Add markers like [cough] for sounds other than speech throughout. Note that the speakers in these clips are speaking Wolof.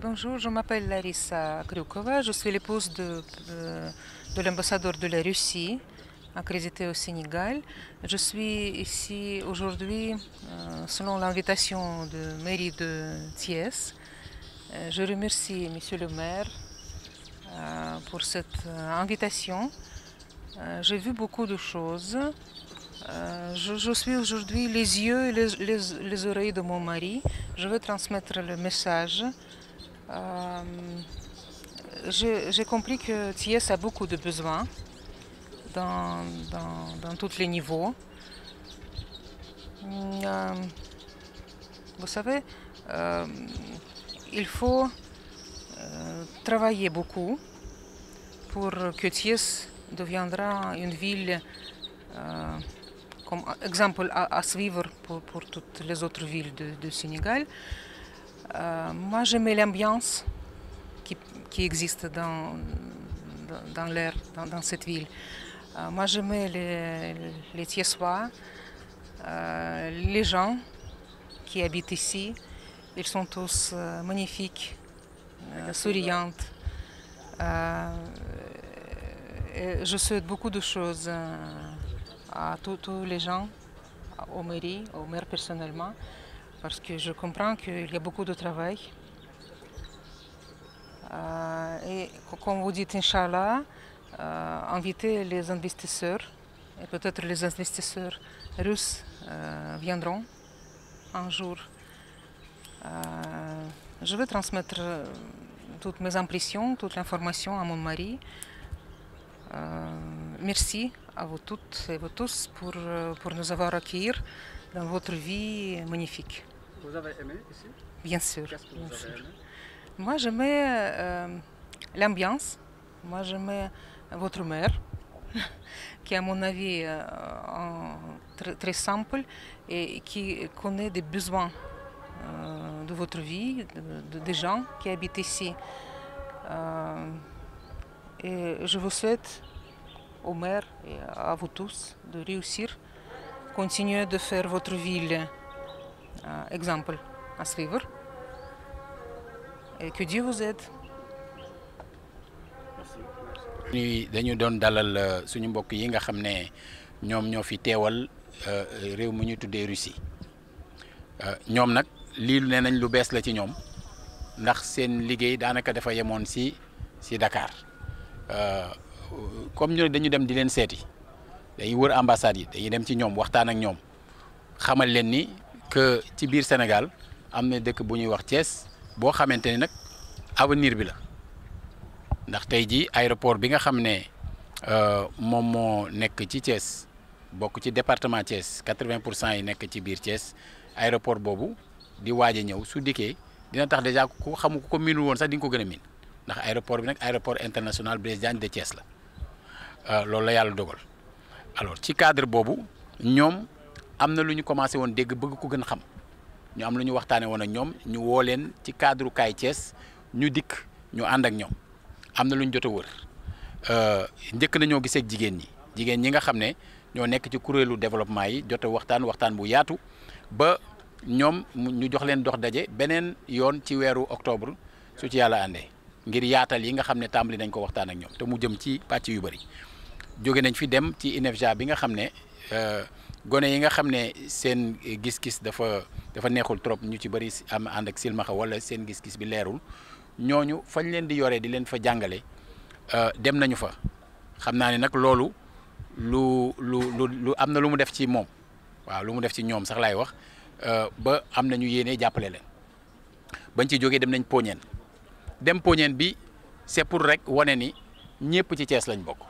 bonjour, je m'appelle Larissa Kryukova, je suis l'épouse de, euh, de l'ambassadeur de la Russie accrédité au Sénégal. Je suis aujourd'hui euh, selon l'invitation de mairie de Thiès. Euh, je remercie Monsieur le maire euh, pour cette euh, invitation. J'ai vu beaucoup de choses. Je, suis aujourd'hui les yeux et les, oreilles de mon mari. Je veux transmettre le message Euh, j'ai compris que Thiès a beaucoup de besoins dans, dans, dans tous les niveaux. Euh, vous savez, euh, il faut travailler beaucoup pour que Thiès deviendra une ville euh, comme exemple à, à suivre pour, pour, toutes les autres villes du Sénégal. Euh, moi, j'aimais l'ambiance qui, qui, existe dans, dans, dans l'air, dans, dans, cette ville. Euh, moi, j'aimais les, les Tiessois, euh, les gens qui habitent ici. Ils sont tous euh, magnifiques, euh, souriants. Euh, je souhaite beaucoup de choses à tous les gens, aux mairies, aux maires personnellement. parce que je comprends qu'il y a beaucoup de travail. Euh, et comme vous dites, Inch'Allah, euh, inviter les investisseurs, et peut-être les investisseurs russes euh, viendront un jour. Euh, je vais transmettre euh, toutes mes impressions, toute l'information à mon mari. Euh, merci à vous toutes et vous tous pour, pour nous avoir accueillis dans votre vie magnifique. Vous avez aimé ici Bien sûr. Qu'est-ce que vous euh, l'ambiance. Moi, j'aimais votre mère, [laughs] qui, à mon avis, euh, très, simple et qui connaît des besoins euh, de votre vie, de, de, des gens qui habitent ici. et je vous souhaite, au maire et à vous tous, de réussir, continuer de faire votre ville. example as river. Eh, could dañu doon dalal eh, suñu mbokk yi nga xam ne ñoom ñoo fi teewal eh, réew mu ñu tuddee Russie ñoom nag lii nee nañ lu bees la ci ñoom ndax seen liggéey daanaka dafa yemoon si si Dakar comme ñu dañu dem di leen seeti dañuy wër ambassade yi dañuy dem ci ñoom waxtaan ak ñoom xamal leen ni. que ci biir Sénégal am na dëkk bu ñuy wax cees boo xamante ni nag avenir bi la ndax tey jii aéroport bi nga xam ne euh, moom moo nekk ci cees bokk ci département Thiès 80 pour cent yi nekk ci biir cees aéroport boobu di waaj a ñëw su dikkee dina tax dèjà ku xamu ko miinul woon sax di ko gën a miin ndax aéroport bi nag aéroport international Blaise de Thiès la euh, loolu la yàlla dogal alors ci cadre boobu ñoom. am na lu ñu commencé woon dégg bëgg ko gën xam ñu am lu ñu waxtaanee woon ak ñoom ñu woo leen ci cadre kaay Thiès ñu dikk ñu ànd ak ñoom am na lu ñu jot a wër euh, njëkk nañoo gisee jigéen ñi jigéen ñi nga xam ne ñoo nekk ci kuréelu développement yi jot a waxtaan waxtaan bu yaatu ba ñoom ñu jox leen dox daje beneen yoon ci weeru octobre su ci yàlla àndee ngir yaatal yi nga xam ne tàmbali nañ ko waxtaan ak ñoom te mu jëm ci pàcc yu bëri jóge nañ fi dem ci INEFJA bi nga xam ne. Euh, gone yi nga xam ne seen gis-gis dafa dafa neexul trop ñu ci bëri am ànd ak silmaxa wala seen gis-gis bi leerul ñooñu fañ leen di yore di leen fa jàngale euh, dem nañu fa xam naa ne nag loolu lu lu am na lu mu def ci moom waaw lu mu def ci ñoom sax laay wax euh, ba am nañu yéene jàppale leen bañ ci jógee dem nañ poñeen dem poñeen bi c'est pour rek wane ni ñëpp ci Thiès lañ bokk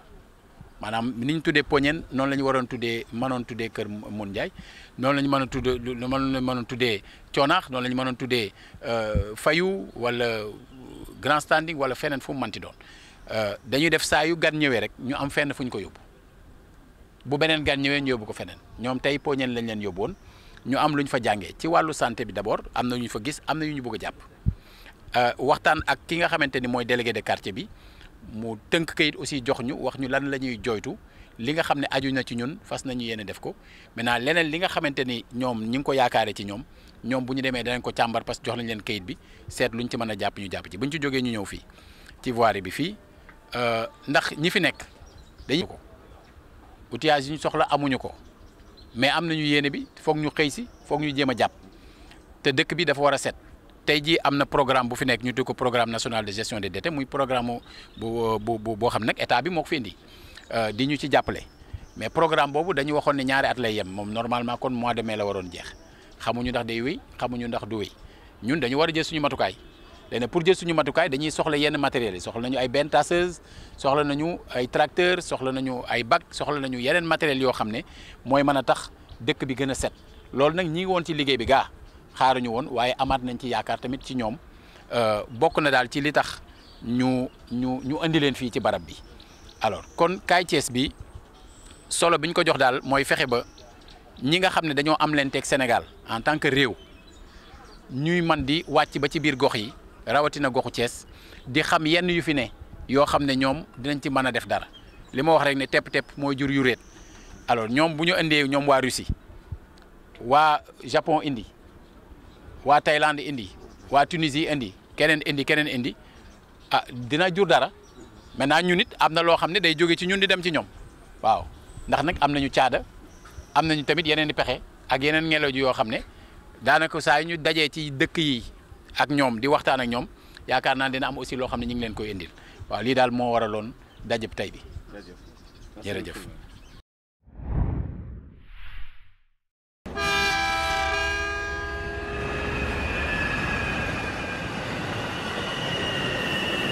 maanaam ni ñu tuddee Poñen noonu la ñu waroon tuddee mënoon tuddee kër Mun Njaay noonu la ñu mën a tuddee noonu la ñu mënoon tuddee Coonaax noonu la ñu mënoon tuddee euh, Fayu wala Grand Standing wala feneen fu mu mënti doon euh, dañuy def saa yu gan ñëwee rek ñu am fenn fu ñu ko yóbbu bu beneen gan ñëwee ñu yóbbu ko feneen ñoom tey Poñen lañ leen yóbbu woon ñu am lu ñu fa jàngee ci wàllu santé bi d'abord am na ñu fa gis am na yu ñu bëgg a jàpp euh, waxtaan ak ki nga xamante ni mooy délégué de quartier bi. mu tënk kayit aussi jox ñu wax ñu lan la ñuy jooytu li nga xam ne aju na ci ñun fas nañu yéene def ko maintenant leneen li nga xamante ni ñoom ñi ngi ko yaakaare ci ñoom ñoom bu ñu demee danañ ko càmbar parce que jox nañ leen kayit bi seet luñ ci mën a jàpp ñu jàpp ci buñ ci jógee ñu ñëw fii ci voirie bi fii euh, ndax ñi fi nekk dañu ko outillage yu ñu soxla amuñu ko mais am nañu yéene bi foog ñu xëy si foog ñu jéem a jàpp te dëkk bi dafa war a set tey jii am na programme bu fi nekk ñu di ko programme national de gestion des déchets muy programme bu bu boo xam nag état bi mook fi indi euh, di ñu ci jàppale mais programme boobu dañu waxoon ne ñaari at lay yem moom normalement kon mois de mai la waroon jeex xamuñu ndax day wéy xamuñu ndax du wéy ñun dañu war a jël suñu matukaay léegi pour jël matukaay dañuy soxla yenn matériel yi soxla nañu ay benn tasseuse soxla nañu ay tracteur soxla nañu ay bac soxla nañu yeneen matériels yoo xam ne mooy mën a tax dëkk bi gën a set loolu nag ñi woon ci liggéey bi gaa xaaruñu woon waaye amaat nañ ci yaakaar tamit ci ñoom euh, bokk na daal ci li tax ñu ñu ñu indi leen fii ci barab bi alors kon kaay Thiès bi solo bi ñu ko jox daal mooy fexe ba ñi nga xam ne dañoo am leen teg Sénégal en tant que réew ñuy man di wàcc ba ci biir gox yi rawatina goxu cees di xam yenn yu fi ne yoo xam ne ñoom dinañ ci mën a def dara li ma wax rek ne tepp-tepp mooy jur yu réet alors ñoom bu ñu indee ñoom waa Russie waa Japon indi waa Thaïlande indi waa Tunisie indi keneen indi keneen indi ah dina jur dara maintenant ñun it am na loo xam ne day jóge ci ñun di dem ci ñoom waaw ndax nag am nañu caada am nañu tamit yeneen i pexe ak yeneen ngelaw ji yoo xam ne daanaka saa yi ñu dajee ci dëkk yi ak ñoom di waxtaan ak ñoom yaakaar naa dina am aussi loo xam ne ñu ngi leen koy indil waaw lii daal moo waraloon dajëb tey bi jërëjëf